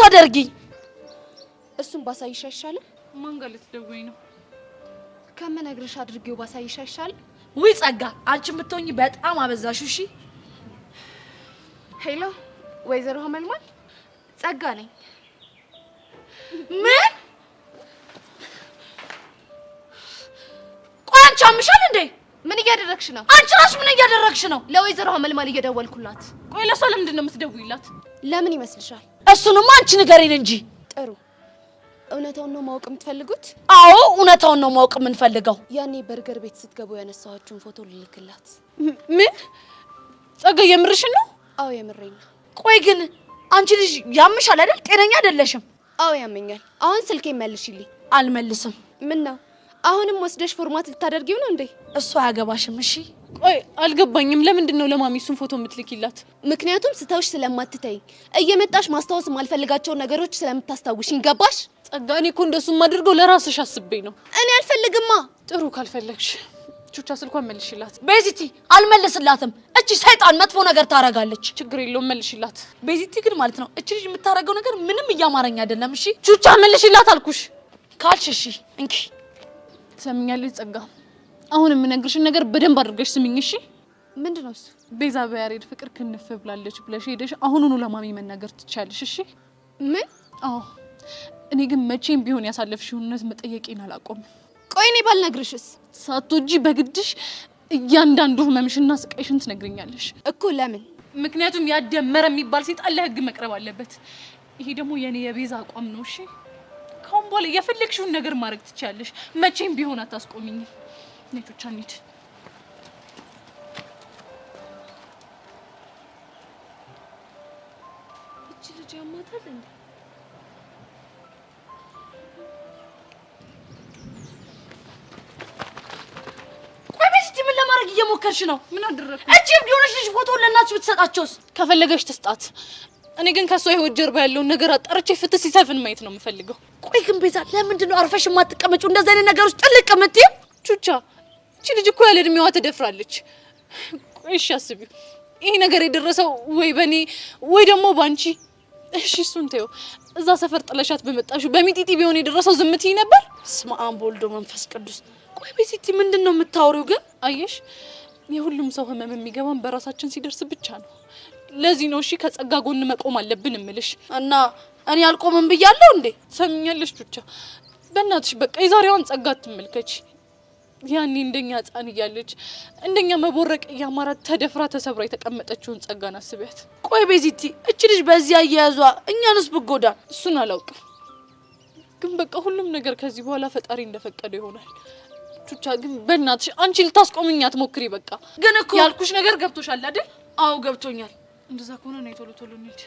ልታደርጊኝ? እሱን ባሳይሽ አይሻልም? ማን ጋር ልትደውይ ነው? ከምነግርሽ አድርጌው ባሳይሽ አይሻልም? ውይ ጸጋ፣ አንቺ የምትሆኚ በጣም አበዛሽ። እሺ። ሄሎ፣ ወይዘሮ ሀመልማል ጸጋ ነኝ። ምን? ቆይ አንቺ አምሻል እንዴ? ምን እያደረግሽ ነው? አንቺ ራስሽ ምን እያደረግሽ ነው? ለወይዘሮ ሀመልማል እየደወልኩላት። ቆይ ለሷ ለምንድን ነው የምትደውይላት? ለምን ይመስልሻል? እሱንማ አንቺ ንገሪን እንጂ። ጥሩ እውነታውን ነው ማወቅ የምትፈልጉት? አዎ እውነታውን ነው ማወቅ የምንፈልገው። ያኔ በርገር ቤት ስትገቡ ያነሳኋችሁን ፎቶ ልልክላት። ምን ጸገይ፣ የምርሽን ነው? አዎ የምሬን ነው። ቆይ ግን አንቺ ልጅ ያምሻል አይደል? ጤነኛ አይደለሽም። አዎ ያመኛል። አሁን ስልኬ መልሽልኝ። አልመልስም። ምን ነው አሁንም ወስደሽ ፎርማት ልታደርጊው ነው እንዴ? እሱ አያገባሽም። እሺ ቆይ አልገባኝም። ለምንድን ነው ለማሚ እሱን ፎቶ የምትልኪላት? ምክንያቱም ስተውሽ ስለማትተይ እየመጣሽ ማስታወስ የማልፈልጋቸውን ነገሮች ስለምታስታውሽኝ። ገባሽ? ጸጋኔ እኮ እንደሱ አድርገው ለራስሽ አስቤ ነው። እኔ አልፈልግማ። ጥሩ ካልፈለግሽ ቹቻ ስልኳን መልሽላት። ቤዚቲ አልመልስላትም። እቺ ሰይጣን መጥፎ ነገር ታረጋለች። ችግር የለውም መልሽላት። ቤዚቲ ግን ማለት ነው እቺ ልጅ የምታረገው ነገር ምንም እያማረኝ አይደለም። እሺ ቹቻ መልሽላት አልኩሽ። ካልሽ እሺ እንኪ። ትሰምኛለች ጸጋ አሁን የምነግርሽን ነገር በደንብ አድርገሽ ስሚኝ እሺ። ምንድን ነው እሱ? ቤዛ በያሬድ ፍቅር ክንፍ ብላለች ብለሽ ሄደሽ አሁኑኑ ለማሚ መናገር ትቻለሽ። እሺ። ምን? አዎ። እኔ ግን መቼም ቢሆን ያሳለፍሽውን እውነት መጠየቄን አላቆም። ቆይ እኔ ባልነግርሽስ? ሳትወጂ በግድሽ እያንዳንዱ ህመምሽና ስቃይሽን ትነግርኛለሽ እኮ። ለምን? ምክንያቱም ያደመረ የሚባል ሴጣን ለህግ መቅረብ አለበት። ይሄ ደግሞ የእኔ የቤዛ አቋም ነው። እሺ። ካሁን በኋላ የፈለግሽውን ነገር ማድረግ ትችያለሽ። መቼም ቢሆን አታስቆሚኝም። ልጆቻ እንሂድ። እቺ ልጅ ያማታል እንዴ? እየሞከርሽ ነው? ምን አደረኩ? እቺም ቢሆንሽ ልጅ ለእናትሽ ብትሰጣቸውስ? ከፈለገሽ ትስጣት። እኔ ግን ከሷ ህይወት ጀርባ ያለውን ነገር አጣርቼ ፍትህ ሲሰፍን ማየት ነው የምፈልገው። ቆይ ግን ቤዛ፣ ለምንድን ነው አርፈሽ የማትቀመጪው? እንደዚህ አይነት ነገር ውስጥ ጥልቅ ቹቻ እቺ ልጅ እኮ ያለ እድሜዋ ተደፍራለች። እሺ አስቢ፣ ይሄ ነገር የደረሰው ወይ በኔ ወይ ደግሞ ባንቺ። እሺ እሱን ተይው። እዛ ሰፈር ጥለሻት በመጣሹ በሚጢጢ ቢሆን የደረሰው ዝምት ነበር። ስመ አብ መንፈስ ቅዱስ። ቆይ ቤቲቲ ምንድን ነው የምታወሪው? ግን አየሽ፣ የሁሉም ሰው ህመም የሚገባን በራሳችን ሲደርስ ብቻ ነው። ለዚህ ነው እሺ፣ ከጸጋ ጎን መቆም አለብን እምልሽ እና እኔ አልቆምም ብያለሁ እንዴ? ትሰሚኛለሽ? ብቻ በእናትሽ በቃ የዛሬዋን ጸጋ ትመልከች ያኔ እንደኛ ህፃን እያለች እንደኛ መቦረቅ እያማራት ተደፍራ ተሰብራ የተቀመጠችውን ጸጋን አስቢያት። ቆይ ቤዚቲ፣ እች ልጅ በዚህ አያያዟ እኛንስ ብጎዳን? እሱን አላውቅም፣ ግን በቃ ሁሉም ነገር ከዚህ በኋላ ፈጣሪ እንደፈቀደ ይሆናል። ቹቻ ግን በእናትሽ አንቺ ልታስቆምኛት ሞክሪ በቃ ግን እኮ ያልኩሽ ነገር ገብቶሻል አይደል? አዎ ገብቶኛል። እንደዛ ከሆነ ነው ቶሎ ቶሎ እንሂድ።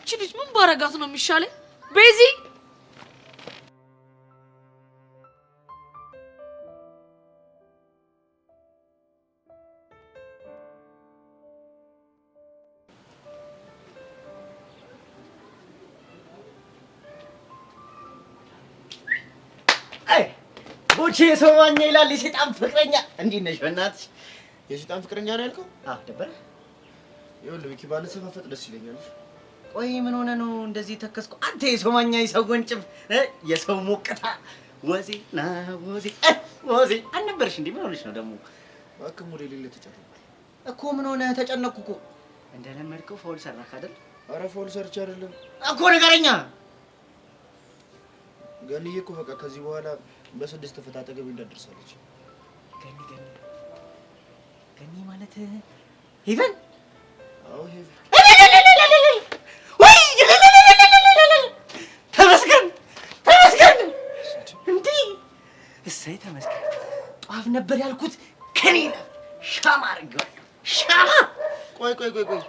እቺ ልጅ ምን ባረጋት ነው የሚሻለኝ ቤዚ ጉቺ የሰማኝ ይላል። የሴጣን ፍቅረኛ እንዴት ነሽ? በእናትሽ የሴጣን ፍቅረኛ ነው ያልከው? አዎ ደበረ። ይኸውልህ ቢኪ ባንሰፋፈጥ ደስ ይለኛል። ቆይ ምን ሆነ ነው እንደዚህ ተከስኩ? አንተ የሰማኛ የሰው ጎንጭፍ፣ የሰው ሞቅታ፣ ወዜ ና ወዜ ወዜ አልነበረሽ እንዴ? ምን ሆነሽ ነው ደግሞ? እባክህ ሙሌ ሌለ ተጨነኩኝ እኮ። ምን ሆነ ተጨነኩ እኮ። እንደለመድከው ፋውል ሰራክ አይደል? አረ ፋውል ሰርቼ አይደለም እኮ። ንገረኛ ገንዬ እኮ በቃ ከዚህ በኋላ በስድስት ፍት አጠገቤ እንዳትደርሳለች። ገኒ ገኒ ገኒ ማለት ሄቨን። አዎ ሄቨን። ተመስገን ተመስገን። እንዴ እሰይ ተመስገን። ጧፍ ነበር ያልኩት ከኔ ነው። ሻማ ሻማ ቆይ ቆይ ቆይ ቆይ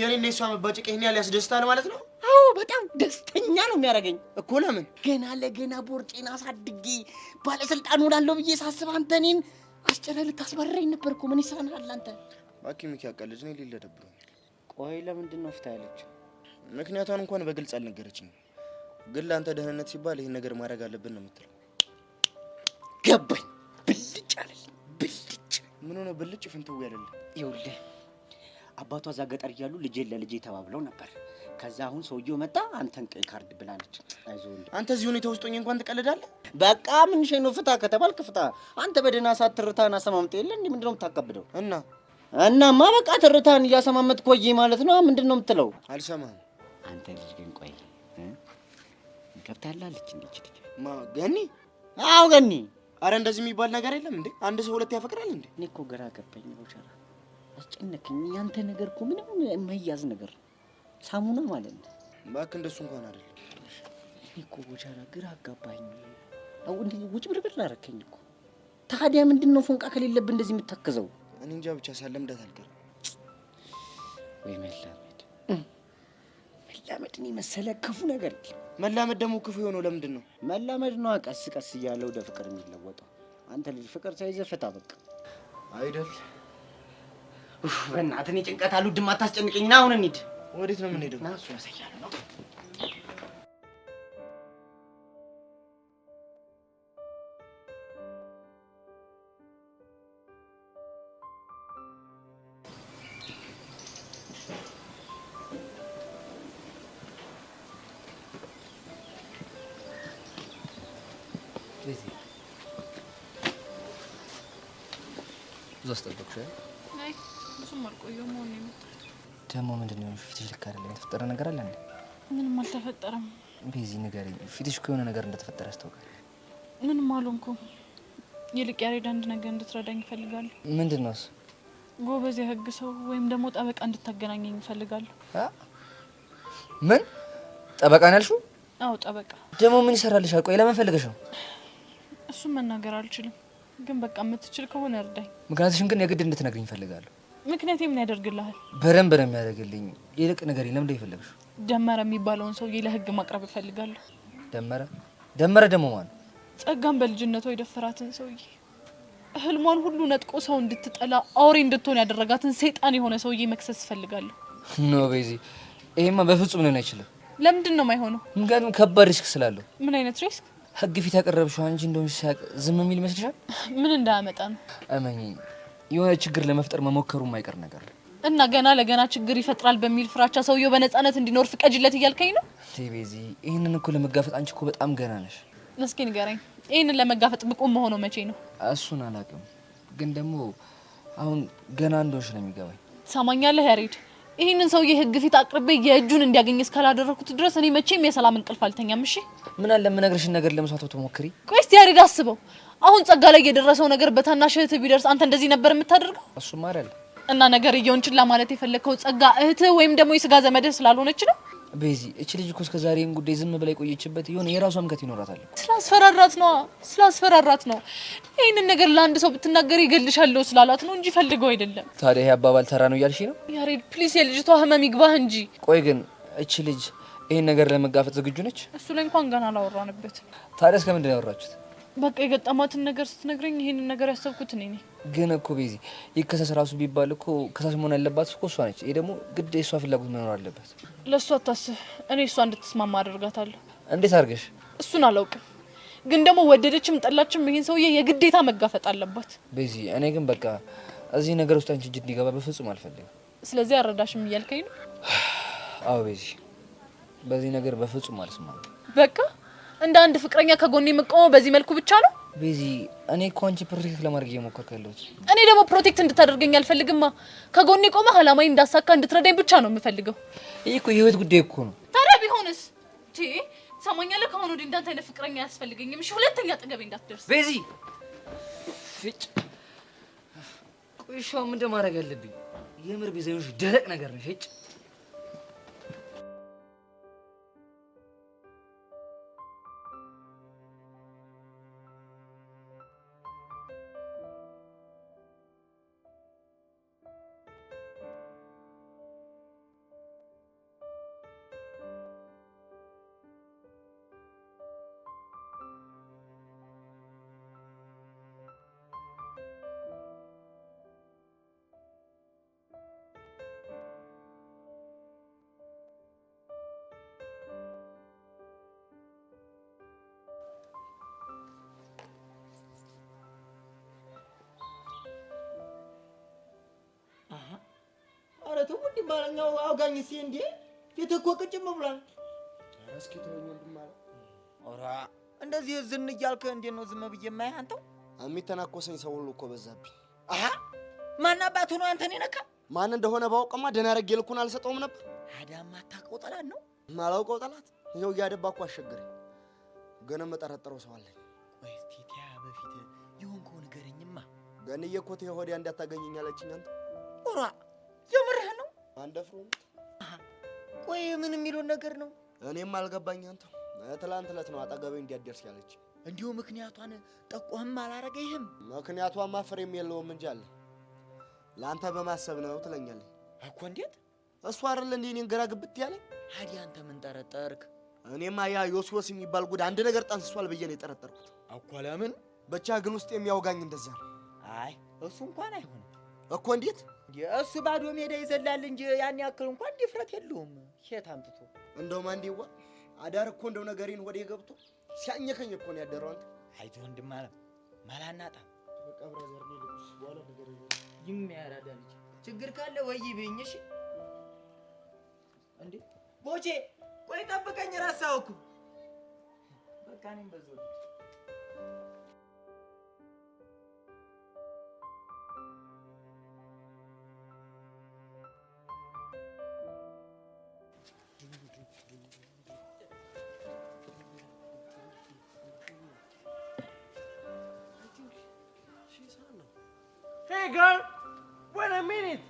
የኔና የሷ መባጨቅ ይሄን ያህል ያስደስታል ማለት ነው? አዎ በጣም ደስተኛ ነው የሚያደርገኝ እኮ። ለምን ገና ለገና ቦርጬን አሳድ አድርጌ ባለስልጣን ሆናለሁ ብዬ ሳስብ አንተ እኔን አስጨረ ልታስባረኝ ነበር እኮ ምን ይሰራናል አንተ እባክህ ሚኪ አቃለች ነው ሌለ ደብሮ። ቆይ ለምንድን ነው ፍታ ያለች ምክንያቷን እንኳን በግልጽ አልነገረችኝም ግን ለአንተ ደህንነት ሲባል ይህን ነገር ማድረግ አለብን ነው የምትለው ገባኝ ብልጭ አለል ብልጭ ምን ሆነ ብልጭ ፍንትው ያለልኝ ይውልህ። አባቷ እዛ ገጠር እያሉ ልጄን ለልጄ ተባብለው ነበር ከዛ አሁን ሰውየው መጣ፣ አንተን ቀይ ካርድ ብላለች። አይዞህ አንተ እዚህ ሁኔታ ውስጥ ሆኜ እንኳን ትቀልዳለህ። በቃ ምን ሸኖ ፍታ ከተባልክ ፍታ። አንተ በደህና ሰዓት ትርታህን አሰማምጥ የለ እንዴ? ምንድነው ነው የምታከብደው? እና እናማ በቃ ትርታን እያሰማመት ቆይ ማለት ነው። ምንድን ነው የምትለው? አልሰማህም። አንተ ልጅ ግን ቆይ ገብታላለች። እንዴት ልጅ ማ ገኒ? አዎ ገኒ። አረ እንደዚህ የሚባል ነገር የለም እንዴ? አንድ ሰው ሁለት ያፈቅራል እንዴ? እኔ እኮ ግራ ገባኝ። ወቸራ አስጨነቀኝ። ያንተ ነገር እኮ ምንም የማይያዝ ነገር ነው ሳሙና ማለት ነው። እባክህ እንደሱ እንኳን አይደለም። እኔ እኮ ግራ አጋባኝ። አው እንዴ ውጭ ብርብር ላረከኝ እኮ። ታዲያ ምንድን ነው ፎንቃ ከሌለብህ እንደዚህ የምታክዘው? እኔ እንጃ ብቻ ሳለምዳት አልቀርም ወይ መላመድ መላመድ እኔ መሰለ ክፉ ነገር መላመድ ደግሞ ክፉ የሆነው ለምንድን ነው? መላመድ ነው ቀስ ቀስ እያለ ወደ ፍቅር የሚለወጠው። አንተ ልጅ ፍቅር ሳይዘህ ፈታ በቃ አይደል? በእናትህ እኔ ጭንቀት አልወድም። አታስጨንቀኝ ና አሁን እንሂድ። ወዴት ነው የምንሄደው? ናሱ ያሳያል ነው እዛ አስጠበቅሽ? አይ ብዙም አልቆየሁም። መሆን ነው የመጣው ደግሞ ምንድን ነው ፊትሽ ልክ አይደለም። የተፈጠረ ነገር አለ እንዴ? ምንም አልተፈጠረም። ቤዚ ንገሪኝ፣ ፊትሽ እኮ የሆነ ነገር እንደተፈጠረ ያስታውቃል። ምንም አልሆንኩም። ይልቅ ያሬድ አንድ ነገር እንድትረዳኝ እፈልጋለሁ። ምንድን ነው ጎበዝ የህግ ሰው ወይም ደግሞ ጠበቃ እንድታገናኘኝ እፈልጋለሁ። ምን ጠበቃ ነው ያልሽው? አዎ ጠበቃ። ደግሞ ምን ይሰራልሻል? ቆይ ለምን ፈልገሽ ነው? እሱም መናገር አልችልም፣ ግን በቃ የምትችል ከሆነ እርዳኝ። ምክንያቱሽን ግን የግድ እንድትነግሪኝ እፈልጋለሁ። ምክንያት ምን ያደርግልሃል? በደንብ ነው የሚያደርግልኝ። ይልቅ ነገር የለም እንደ የፈለግሽው ደመረ የሚባለውን ሰውዬ ለህግ ማቅረብ እፈልጋለሁ። ደመረ ደመረ ደግሞ ማለት ጸጋን በልጅነቷ የደፈራትን ሰውዬ ህልሟን ሁሉ ነጥቆ ሰው እንድትጠላ አውሬ እንድትሆን ያደረጋትን ሰይጣን የሆነ ሰውዬ መክሰስ እፈልጋለሁ። ኖ ቤዚ፣ ይሄማ በፍጹም ሊሆን አይችልም። ለምንድን ነው የማይሆነው? ምክንያቱም ከባድ ሪስክ ስላለው። ምን አይነት ሪስክ? ህግ ፊት ያቀረብሽው አንቺ እንደሆንሽ ሲያቅ ዝም የሚል ይመስልሻል? ምን እንዳያመጣ ነው። እመኚኝ የሆነ ችግር ለመፍጠር መሞከሩ የማይቀር ነገር እና ገና ለገና ችግር ይፈጥራል በሚል ፍራቻ ሰውየው በነፃነት እንዲኖር ፍቀጅለት እያልከኝ ነው? ቴቤዚ ይህንን እኮ ለመጋፈጥ አንቺ እኮ በጣም ገና ነሽ። እስኪ ንገረኝ፣ ይህንን ለመጋፈጥ ብቁ መሆኑ መቼ ነው? እሱን አላውቅም፣ ግን ደግሞ አሁን ገና እንደሆንሽ ነው የሚገባኝ። ሰማኛለህ ያሬድ? ይህንን ሰውዬ ህግ ፊት አቅርቤ የእጁን እንዲያገኝ እስካላደረኩት ድረስ እኔ መቼም የሰላም እንቅልፍ አልተኛም። እሺ ምን አለ የምነግርሽን ነገር ለመስዋት ትሞክሪ። ቆይ እስቲ አድርግ አስበው። አሁን ጸጋ ላይ የደረሰው ነገር በታናሽ እህትህ ቢደርስ አንተ እንደዚህ ነበር የምታደርገው? እሱማ አይደለም እና ነገር እየውን ችላ ማለት የፈለግከው ጸጋ እህትህ ወይም ደግሞ የስጋ ዘመድህ ስላልሆነች ነው። በዚህ እቺ ልጅ እኮ እስከ ጉዳይ ዝም ብላ የቆየችበት የሆነ የራሷ ምከት ይኖራታል። ስላስፈራራት ነው ስላስፈራራት ነው። ይህንን ነገር ለአንድ ሰው ብትናገር ይገልሻለሁ ስላላት ነው እንጂ ፈልገው አይደለም። ታዲያ ይህ አባባል ተራ ነው እያልሽ ነው? ያሬድ ፕሊስ፣ የልጅቷ ህመም ይግባህ እንጂ። ቆይ ግን እቺ ልጅ ይህን ነገር ለመጋፈጥ ዝግጁ ነች? እሱ ላይ እንኳን ገና አላወራንበት። ታዲያ እስከምንድን ያወራችሁት? በቃ የገጠማትን ነገር ስትነግረኝ ይህንን ነገር ያሰብኩት እኔ ነኝ። ግን እኮ ቤዚ ይከሰስ ራሱ ቢባል እኮ ከሳሽ መሆን ያለባት እኮ እሷ ነች። ይሄ ደግሞ ግድ የእሷ ፍላጎት መኖር አለበት። ለእሷ አታስብ። እኔ እሷ እንድትስማማ አደርጋታለሁ። እንዴት አድርገሽ? እሱን አላውቅም፣ ግን ደግሞ ወደደችም ጠላችም ይህን ሰውዬ የግዴታ መጋፈጥ አለባት። ቤዚ እኔ ግን በቃ እዚህ ነገር ውስጥ አንቺ እጅ እንዲገባ በፍጹም አልፈልግም። ስለዚህ አረዳሽም እያልከኝ ነው? አዎ ቤዚ፣ በዚህ ነገር በፍጹም አልስማማም። በቃ እንደ አንድ ፍቅረኛ ከጎን የምቆመው በዚህ መልኩ ብቻ ነው? ቤዚ፣ እኔ እኮ አንቺ ፕሮቴክት ለማድረግ እየሞከርኩ ያለሁት። እኔ ደግሞ ፕሮቴክት እንድታደርገኝ አልፈልግማ። ከጎን ቆመ አላማዬ እንዳሳካ እንድትረዳኝ ብቻ ነው የምፈልገው። ይህ እኮ የህይወት ጉዳይ እኮ ነው። ታዲያ ቢሆንስ? ሰማኛለ፣ ከአሁን ወዲህ እንዳንተ አይነት ፍቅረኛ አያስፈልገኝም። እሺ፣ ሁለተኛ አጠገቤ እንዳትደርስ ቤዚ። ፍጭ ቆይሻ፣ ምንድን ማድረግ አለብኝ? የምር ቤዛዮች ደረቅ ነገር ነሽ። ማለት ነው። ውድ ማለኛው አውጋኝ ሲ እንዴ ፊት እኮ ቅጭም ብሏል። እስኪ ተወኝ ወንድም አለ። እንደዚህ ዝም እያልክ እንዴት ነው ዝም ብዬ የማይህ? አንተው የሚተናኮሰኝ ሰው ሁሉ እኮ በዛብኝ። አሀ ማን አባቱ ነው አንተን የነካ? ማን እንደሆነ ባውቅማ ደህና አድርጌ ልኩን አልሰጠውም ነበር። አዳም አታውቀው ጠላት ነው። ማላውቀው ጠላት ይኸው እያደባ እኮ አስቸገረኝ። ግን የምጠረጥረው ሰው አለኝ። ቆይ እስኪ ቲያ በፊት የሆንከው ንገረኝማ። ገንዬ እኮ ትሄ ሆዲያ እንዳታገኘኝ አለችኝ። አንተ ኧረ አንደፍሮም። ቆይ ምን የሚሉን ነገር ነው? እኔም አልገባኝ። አንተ ትላንት ዕለት ነው አጠገቤ እንዲያደርስ ያለች። እንዲሁ ምክንያቷን ጠቆም አላረገ። ይህም ምክንያቷማ ፍሬም የለውም እንጂ አለ ለአንተ በማሰብ ነው ትለኛለህ እኮ። እንዴት እሱ አይደለ እንዴ እኔን ግራ ግብት ያለኝ? ታዲያ አንተ ምን ጠረጠርክ? እኔማ ያ ዮስዮስ የሚባል ጉድ አንድ ነገር ጠንስሷል ብዬ ነው የጠረጠርኩት እኮ። ለምን ብቻ ግን ውስጥ የሚያወጋኝ እንደዛ ነው። አይ እሱ እንኳን አይሆንም እኮ። እንዴት እሱ ባዶ ሜዳ ይዘላል እንጂ ያን ያክል እንኳን ድፍረት የለውም። ሴት አምጥቶ እንደውም አንዴዋ አዳር እኮ እንደው ነገሬን ወደ ገብቶ ሲያኘከኝ እኮ ነው ያደረው። አንተ አይቶ ወንድም አለ ማላናጣ በቀብረ ዘር ነው ልቁስ በኋላ ነገር ይመያራዳ ልጅ ችግር ካለ ወይ ብኝሽ እንዴ ቦቼ ቆይ ጠብቀኝ። ራሳውኩ በቃ እኔም በዛው Hey, girl, wait a minute.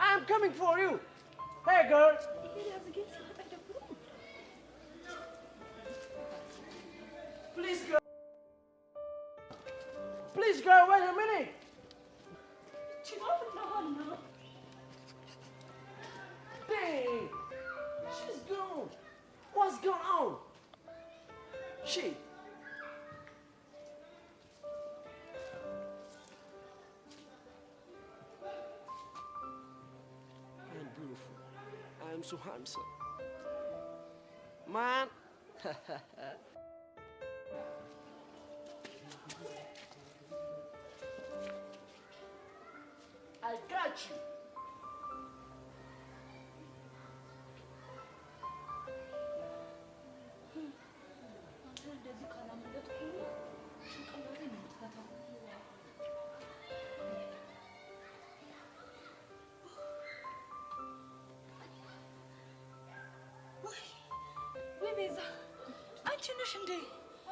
I'm coming for you. Hey, girl. Please, girl. Please, girl, wait a minute. Man. I got you. ቤዛ፣ አንቺ ነሽ እንዴ?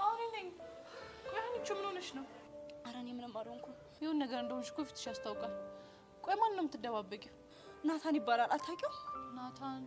አዎ እኔ ነኝ። ቆይ ሀኒቾ ምን ሆነሽ ነው? ኧረ እኔ ምንም አልሆንኩም። የሆነ ነገር እንደሆንሽ እኮ ፊትሽ ያስታውቃል። ቆይ ማን ነው የምትደባበቂው? ናታን ይባላል። አታውቂውም? ናታን?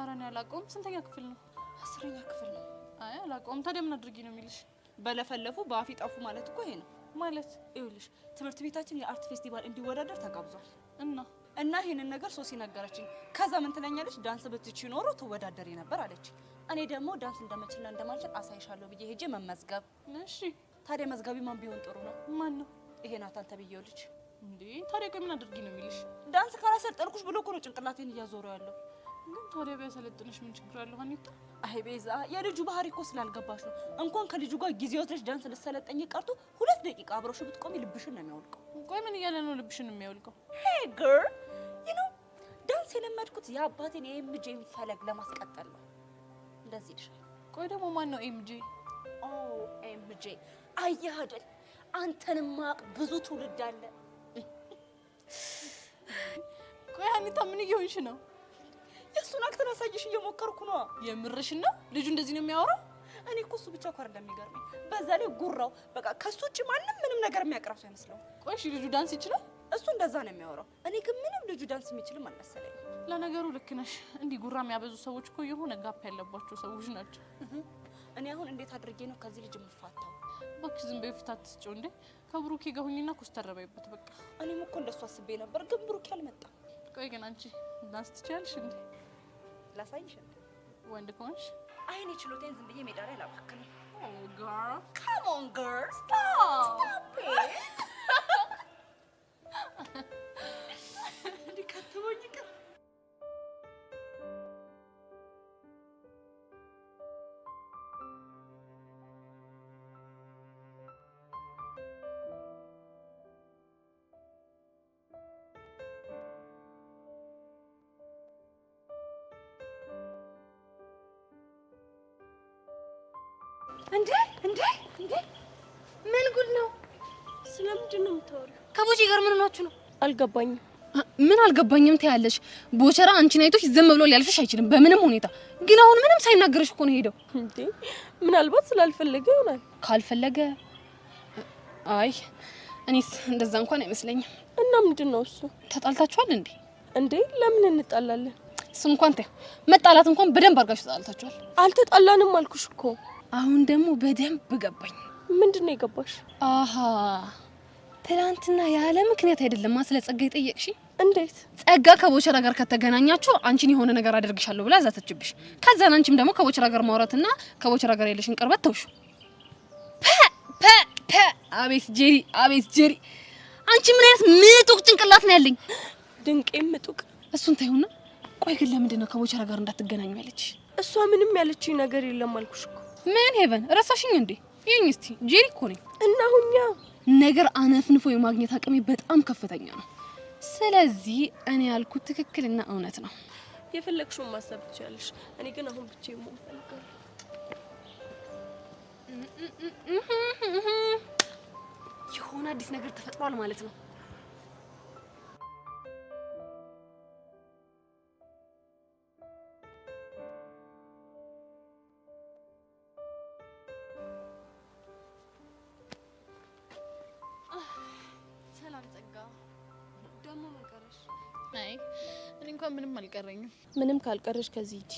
ኧረ እኔ አላውቀውም። ስንተኛ ክፍል ነው? አስረኛ ክፍል ነው። አይ አላውቀውም። ታዲያ ምን አድርጊ ነው የሚልሽ? በለፈለፉ በአፌ ጠፉ ማለት እኮ ይሄ ነው ማለት። ይኸውልሽ ትምህርት ቤታችን የአርት ፌስቲቫል እንዲወዳደር ተጋብዟል እና እና ይሄንን ነገር ሶሲ ነገረችኝ። ከዛ ምን ትለኛለች፣ ዳንስ ብትች ኖሮ ትወዳደሪ ነበር አለች። እኔ ደግሞ ዳንስ እንደምችልና እንደማልችል አሳይሻለሁ ብዬ ሄጄ መመዝገብ። እሺ ታዲያ መዝጋቢ ማን ቢሆን ጥሩ ነው? ማን ነው? ይሄ ናታን ተብዬው ልጅ። እንዴ ታዲያ ከምን አድርጊ ነው የሚልሽ? ዳንስ ካላሰለጠንኩሽ ብሎ እኮ ነው ጭንቅላቴን እያዞረው ያለው። ግን ታዲያ ቢያሰለጥንሽ ምን ችግር አለው ሀኒታ? አይ ቤዛ፣ የልጁ ባህሪ እኮ ስላልገባሽ ነው። እንኳን ከልጁ ጋር ጊዜዎች ዳንስ ልሰለጠኝ ቀርቶ ሁለት ደቂቃ አብረሽ ብትቆሚ ልብሽን ነው የሚያወልቀው። ቆይ ምን እያለ ነው ልብሽን የሚያወልቀው? ሄይ ግርል ዩ ኖ ዳንስ የለመድኩት የአባቴን የኤምጄን ፈለግ ለማስቀጠል ነው። እንደዚህ ይሻል። ቆይ ደግሞ ማን ነው ኤምጄ? ኦ ኤምጄ አየህ አይደል? አንተንም ማቅ ብዙ ትውልድ አለ። ቆይ ሀኒታ ምን እየሆንሽ ነው? የእሱን አክተን አሳየሽ እየሞከርኩ ነዋ። የምርሽ ነው? ልጁ እንደዚህ ነው የሚያወራው? እኔ እኮ እሱ ብቻ እኮ አይደለም የሚገርመኝ፣ በዛ ላይ ጉራው በቃ ከሱ ውጭ ማንም ምንም ነገር የሚያቀርብ ሰው አይመስለውም። ቆይ እሺ ልጁ ዳንስ ይችላል? እሱ እንደዛ ነው የሚያወራው። እኔ ግን ምንም ልጁ ዳንስ የሚችልም አልመሰለኝ። ለነገሩ ልክ ነሽ። እንዲህ ጉራ የሚያበዙ ሰዎች እኮ የሆነ ጋፕ ያለባቸው ሰዎች ናቸው። እኔ አሁን እንዴት አድርጌ ነው ከዚህ ልጅ የምፋታው? እባክሽ ዝም በይ፣ ፊት እንዴ። ከብሩኬ ጋር ሁኚና ኮስተር በይበት በቃ። እኔም እኮ እንደሱ አስቤ ነበር፣ ግን ብሩኬ አልመጣም። ቆይ ግን አንቺ ዳንስ ትችያለሽ እንዴ? ላሳይሽ ወንድ ከሆንሽ አይኔ ችሎቴን ዝም ብዬ ሜዳ ላይ አላባክንም። ካም ኦን ግርል ስታፕ ስታፕ እንዴ እንዴ እንዴ! ምን ጉድ ነው? ስለምንድን ነው የምታወሪው? ከቦቼ ጋር ምን ሆናችሁ ነው? አልገባኝም። ምን አልገባኝም ትያለሽ? ቦቸራ አንቺን አይቶሽ ዝም ብሎ ሊያልፍሽ አይችልም በምንም ሁኔታ። ግን አሁን ምንም ሳይናገርሽ እኮ ነው ሄደው። እንዴ ምናልባት ስላልፈለገ ይሆናል። ካልፈለገ? አይ እኔስ እንደዛ እንኳን አይመስለኝም። እና ምንድን ነው እሱ? ተጣልታችኋል እንዴ? እንዴ ለምን እንጣላለን? እሱ እንኳን ተይው፣ መጣላት እንኳን በደንብ አድርጋችሁ ተጣልታችኋል። አልተጣላንም አልኩሽ እኮ አሁን ደግሞ በደንብ ገባኝ። ምንድን ነው የገባሽ? አሀ ትላንትና ያለ ምክንያት አይደለም ስለ ጸጋ የጠየቅሽ። እንዴት? ጸጋ ከቦቸራ ጋር ከተገናኛችሁ አንቺን የሆነ ነገር አደርግሻለሁ ብላ ዛተችብሽ። ከዛን አንቺም ደግሞ ከቦቸራ ጋር ማውራትና ከቦቸራ ጋር ያለሽን ቅርበት ተውሹ። አቤት ጄሪ፣ አቤት ጄሪ፣ አንቺ ምን አይነት ምጡቅ ጭንቅላት ነው ያለኝ? ድንቄ ምጡቅ። እሱን ተይውና፣ ቆይ ግን ለምንድን ነው ከቦቸራ ጋር እንዳትገናኙ ያለች? እሷ ምንም ያለችኝ ነገር የለም አልኩሽ እኮ ምን ሄቨን ረሳሽኝ እንዴ? ይህኝ እስቲ ጄሪ እኮ ነኝ። እና ሁኛ ነገር አነፍንፎ የማግኘት አቅሜ በጣም ከፍተኛ ነው። ስለዚህ እኔ ያልኩት ትክክልና እውነት ነው። የፈለግሽውን ማሰብ ትችላለሽ። እኔ ግን አሁን ብቻ የሞ የሆነ አዲስ ነገር ተፈጥሯል ማለት ነው። ምንም ካልቀረሽ ከዚህ ሂጂ።